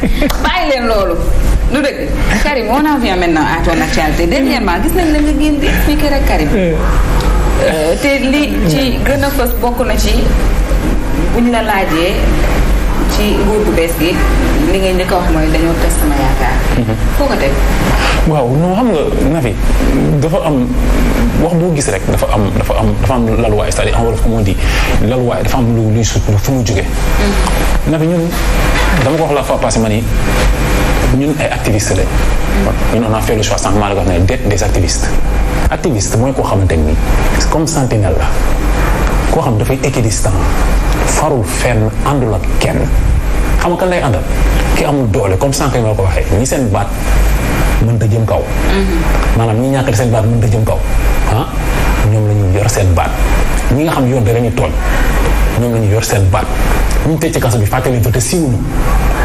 nag bàyyi leen loolu lu dëgg Karim on en vient maintenant à ton actualité dernièrement gis nañ la nga génn di expliquer rek euh, te li ci gën a fës bokk na ci bu la laajee ci nguur gu bees gi li ngay njëkk wax mooy dañoo tas sama yaakaar mhm. foo ko teg waaw non xam nga Nafi dafa am wax boo gis rek dafa am dafa am dafa am laluwaay c'est-à-dire en comme on dit laluwaay dafa am luy sut lu fu mu jógee mhm. Nafi ñun dama ko wax la fois passée ma ni ñun ay activistes lañ. ñun on a fait le choix sànq la ko wax ne d'être des activistes. activiste mooy koo xamante ni comme sentinelle la koo xam dafay équidistant farul fenn àndul ak kenn xam nga kan lay àndal ki amul doole comme sànq yi ko waxee ñi seen baat mënta jëm kaw. Mm-hmm. maanaam ñi ñàkkal seen baat mënta jëm kaw ah ñoom la ñu yor seen baat ñi nga xam yoon da la ñu ñoom la ñu yor seen baat te tëj ci kaso bi fàtte leen si te siiwuñu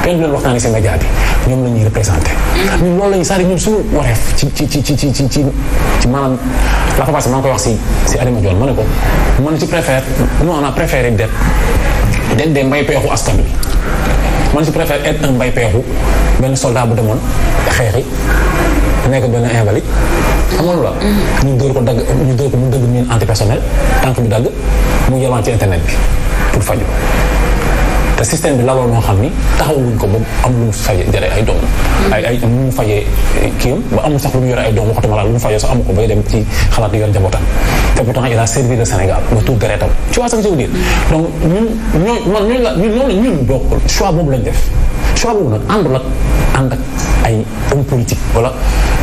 kenn du leen waxtaanee si média bi ñoom la ñuy représenté. ñun loolu la ñuy sari ñun suñu wareef ci ci ci ci ci ci ci maanaam la fa passé maa ngi koy wax si si Alima Dione ma ne ko man ci préfère nous on a préféré d'être dañ dee mbay peexu askan bi man je préfère être un mbay peexu benn soldat bu demoon xeexi nekk benn invalide xamoon la mm-hmm. ñu dóor ko dagg ñu dóor ko mu dëgg mine antipersonnel tànk bi dagg mu yelwaan ci internet bi pour faju te système bi la war noo xam ni taxawuñ ko ba mu faje jare ay doom mm-hmm. ay ay lu mu fajee kiyam ba amul sax lu mu yore ay doom waxatuma la lu mu fajee sax amu ko bay dem ci xalaat yor njabootam te pourtant il a servi le Sénégal ba tuur deretam tu vois ce que je veux dire donc ñun ñooy man ñun la ñun loolu ñun donc choix boobu lañ def choix boobu nag àndul ak ànd ak ay homme politique wala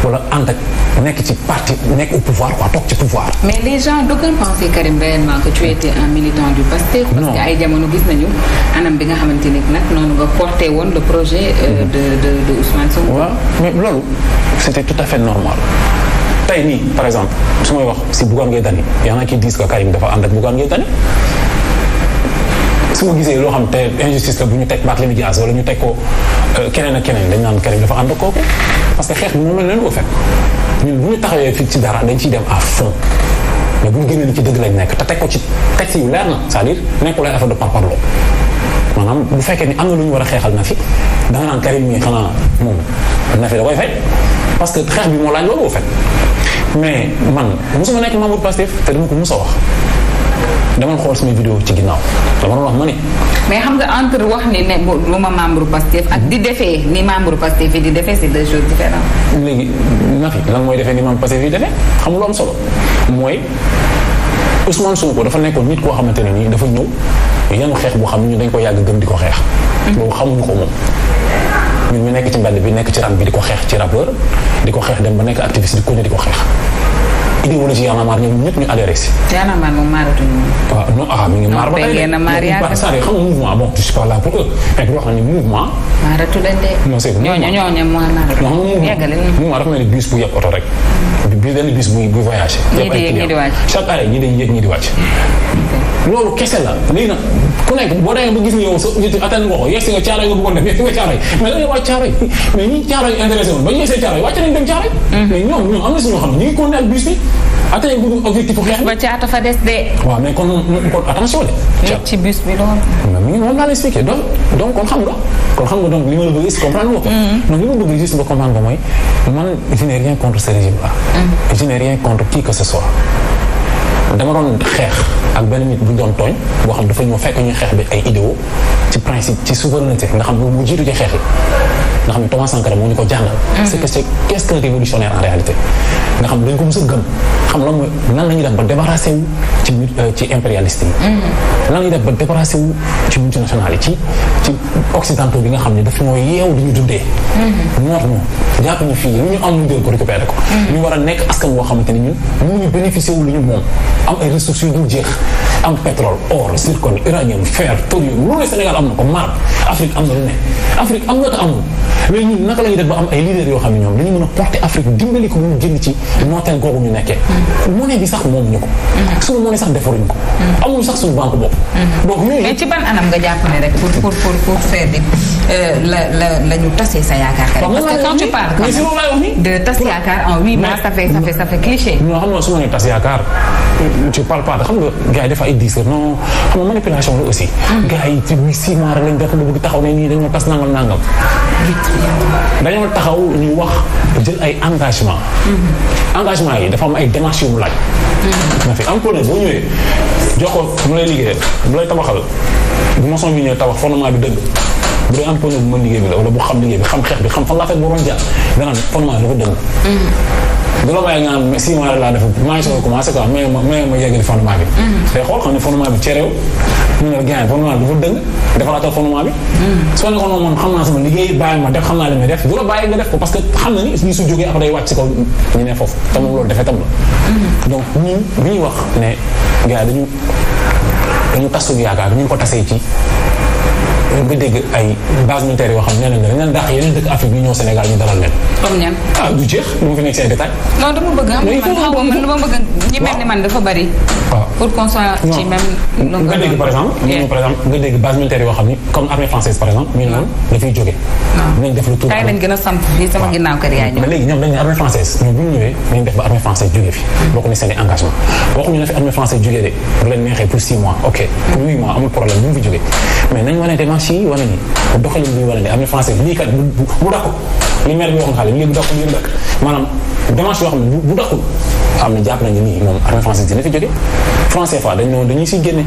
wala ànd ak nekk ci parti nekk au pouvoir quoi toog ci pouvoir. mais les gens d'aucuns pensaient Karim réellement que tu étais un militant du PASTEF. parce que ay jamono gis nañu anam bi nga xamante ni nag noonu nga porté woon le projet. Euh, mm-hmm. de de de Ousmane Sonko. waaw mais loolu c'était tout à fait normal. tey nii par exemple su may wax si Bougane Gueye Dany y en a qui disent Karim dafa ànd ak Bougane Gueye Dany su ma gisee loo xam te injustice la bu ñu teg Barthélémy Dias wala ñu teg ko euh, keneen ak keneen dañ naan Karim dafa ànd ak kooku parce que xeex bi moom la leen ko fekk ñun bu ñu taxawee fii ci dara dañ ciy dem à fond mais bu ñu génnee li ci dëgg lañ nekk te teg ko ci texte yu leer na c'est-à-dire nekkul ay affaire de parparloo maanaam bu fekkee ni am na lu ñu war a xeexal na fi da nga naan Karim mi na fi da koy parce que xeex bi moo laaj loolu boo fekk mais man mosuma nekk membre Pastef te dama ko mos a wax. dama xool sama vidéo ci ginnaaw dama doon wax ma ni. xam nga entre wax ni ne bu ma membre Pastef ak di defee ni membre Pastef yi di defee c'est deux choses différentes. léegi na fi lan mooy defee ni membre Pastef yi defee xam nga lu am solo. mooy Ousmane Sonko dafa nekkoon nit koo xamante ne nii dafa ñëw yanu xeex boo xam ne ñu dañ ko yàgg gëm di ko xeex. boobu xamuñu ko moom. ñun ñu nekk ci mbedd bi nekk ci rab bi di ko xeex ci rappeur di ko xeex dem ba nekk activiste ko ne di ko xeex. idéologie Y'en a marre ñoom ñëpp ñu adhéré si. Y'en a marre moom maaratuñu moom. waaw non ah mi ngi maar ba tey de non mouvement bon je suis pas là pour eux mais wax nañu mouvement. maaratu leen de. non c' est que mouvement ñooñu ñooñu moo naan. yàggale nañu mouvement dafa mel ni bus bu yeb oto rek. bi benn bus buy buy voyagé. ñii di yéeg ñii di wàcc chaque année ñii dañuy yéeg ñii di wàcc. loolu kese la léegi nag ku nekk boo demee ba gis ni yow sa nit attan nga ko yegsi nga caaray nga bëggoon def yegsi nga caaray mais da ngay wàcc caaray mais ñi caaray intéressé woon ba ñu yegsee caaray wàcc nañ dem caaray mm-hmm. mais ñoom ñoom am na si ñoo xam ne ñu ngi continuer ak bus bi atteindre ah, gu ñu objectif xeex fa des de. waaw mais kon attention de. caata ci bus bi loolu. mais moom laa la expliqué donc donc kon xam nga. kon xam nga donc li ma la bëgg est comprendre nga mm-hmm. ma bëgg juste nga comprendre ko mooy man je n'ai rien contre ce régime là. Mm-hmm. contre qui que dama doon xeex ak benn nit bu doon tooñ boo xam dafa ñoo fekk ñu xeex bi ay idéaux ci principe ci souveraineté nga xam mu jiitu ci xeex yi nga xam ne Thomas Sankara moo ñu ko jàngal. Mm-hmm. c'est que c'est ce qu'un révolutionnaire nga xam dañ ko mës a gëm xam lan mooy nan la ñuy def ba débarrassé wu ci euh, ci impérialiste mm-hmm. nan la ñuy def ba débarrassé wu ci multinational yi ci ci occidentaux bi nga xam ne daf ñoo yeew du ñu dundee. noot mm-hmm. ñu jàpp ñu fii lu ñu am ñu jël ko récupéré ko. Mm-hmm. ñu war nekk askan woo xamante ni ñun wu lu ñu moom am ay ressources yu dul jeex. am pétrole or zircon uranium fer thorium loolu Sénégal am na ko marbre Afrique am na lu ne Afrique am na ko amul. mais ñun naka la ñuy def ba am ay leaders yoo xam ne ñoom dañu mën a porter Afrique dimbali ko mu génn ci nooteel googu ñu nekkee mm-hmm. monnaie bi sax moomuñu ko mm-hmm. suñu monnaie sax defaruñu ko mm-hmm. amuñu sax suñu banque bopp donc ñooñu mais ci ban anam nga jàpp ne rek pour pour pour euh, sa yaakaar de tas yaakaar en ah huit xam nga su ma nee tas yaakaar tu parles a xam nga gars yi dafa ay diisar non xam nga manipulation la aussi mm. gars yi ci six mois rek lañ def bëgg taxaw ne nii dañoo tas nangam nangam dañoo taxaw ñu wax jël ay engagement mm-hmm. engagement yi dafa am ay démarches yu mu laaj mm-hmm. na fi entrepreneur boo ñëwee jox ko mu lay liggéeyal mu lay tabaxal bu maçon bi ñëwee tabax fondement bi dëgg bu dee entrepreneur bu mën liggéey bi la wala bu xam liggéey bi xam xeex bi xam fan la fekk bu doon jàll nga mm-hmm. maa ngi soog a commencé quoi mais ma mais ma yeggali bi. Mm-hmm. tey xool xam ne fondement bi cerew mu ne gaañ fondement bi dafa dëng defaraatal fondement bi. Mm-hmm. soo nekkoon noonu man xam naa sama liggéey bàyyi ma def xam naa li may def du la bàyyi nga def ko parce que xam na ni lii su jógee après day wàcc si kaw ñu ne foofu tam loolu defee tam la. donc ñun bi ñuy wax ne gars dañu dañu tasu yaakaar ñu ko tasee ci. nga dégg ay base militaire yoo xam ne nee nañ la comme ñan. ah man dafa bari. waaw pour qu'on soit ci même. nga dégg par exemple. ñu par exemple nga dégg base yoo xam ni comme armée française par exemple ñu naan dafay jóge. waaw def lu tuuti. kaay lañ gën a samp fii sama ñu ñëwee nañ def ba armée française jógee fi. bokk na seen i engagement waxuñu na fi armée française jógee de bu leen neexee pour 6 marché yi wala ni bu doxalin bi ñu war a ne am na français lii kat bu bu dàqu li mel bi waxoon xale lii bu dàqu lii bu dàqu maanaam démarche yoo xam ne bu dàqu am na jàpp nañu nii moom armée française dina fi jóge franc CFA dañ si génne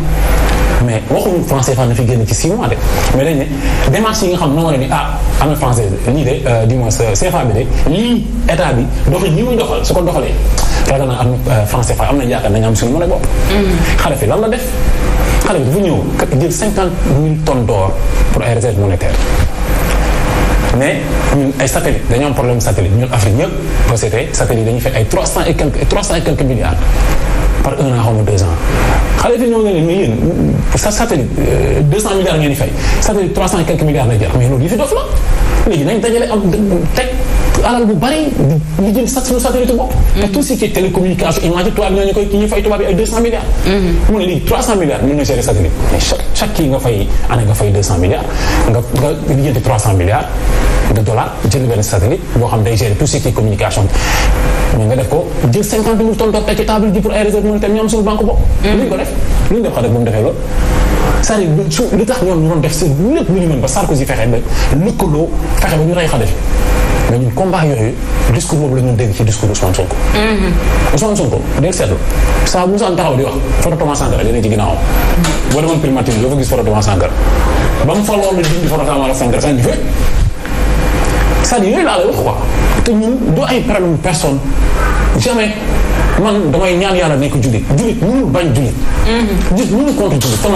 mais waxuñu franc CFA na fi génne ci 6 mois de mais dañ ne démarche yi nga xam ne moo ne ni ah armée française lii de euh, du moins euh, CFA bi de lii état bi doxi nii muy doxal su ko doxalee yaakaar naa am euh, franc CFA am na yaakaar nañ am suñu mën a bopp mm. xale fi lan la def xale bi bu ñëw jël cinquante mille pour ay réserve monétaire mais ñun ay dañoo problème satellite milliards par un an xaw ma deux ans xale bi ñëw na ne mais yéen sa satellite euh, deux cent milliards ngeen di fay satellite trois cent et quelques milliards la jar mais loolu yëfi dof la léegi nañ dajale am alal bu bari di jël sax suñu sécurité bopp. te tout ce télécommunication imagine tubaab bi mm-hmm. ne lii 300 milliards mën na gérer satellite mais chaque chaque kii nga nga fay 200 nga nga lijjanti de dollars jël benn satellite boo xam nga def ko jël 50 mille tonnes toog ci table ji pour ay réserve monétaire ñu am suñu banque bopp. Mm-hmm. luñ ko def luñ def xale bu mu defee loolu. cest à su li tax ñoom ñu def seen lépp lu ñu mën ba Sarkozy fexe ba lëkkaloo fexe ba ñu rey Kadhafi. mais ñun combat yooyu discours boobu la ñu dégg ci discours Ousmane Sonko. Mhm. Ousmane Sonko dégg seetlu saa bu Ousmane taxaw di wax photo Thomas Sankara dina ci ginnaawam. boo demoon primature doo fa gis photo Thomas Sankara ba mu faloo la dindi photo Thomas Sankara sax yooyu laa lay wax quoi te ñun du ay problème personne jamais. man damay ñaan yàlla nekk jullit jullit mënul bañ jullit. Mhm. jullit mënul contre jullit te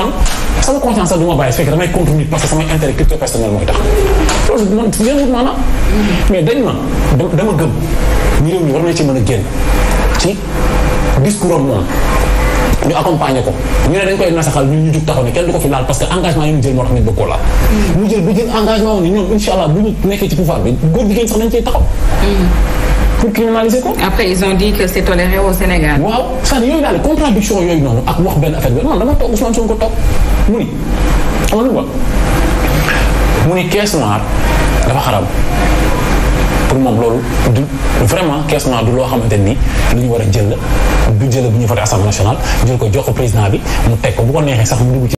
sama conscience sax du bàyyi su fekkee damay contre nit parce que samay intérêt personnel mooy tax mhm. mais dañ ma dama gëm ñu réew mi war na ci mën a génn ci discours ñu accompagner ko ñu ne dañ koy nasaxal ñu jug taxaw ne kenn du ko fi laal parce que engagement yi mu jël moo tax mhm. mu jël bu jël engagement wu ne ñoom incha allah bu ñu nekkee ci pouvoir bi pour criminaliser ko. après ils ont dit que c'est toléré au Sénégal. waaw cest à yooyu daal contradiction yooyu noonu ak wax benn affaire bi man dama toog Ousmane Sonko toog mu ni xam nga mu ni caisse noire dafa xaram pour moom loolu du vraiment caisse noire du loo xamante ni lu ñu war a jël du jël bu ñu voté assemblée nationale jël ko jox ko président bi mu teg ko bu ko neexee sax mu dugg ci.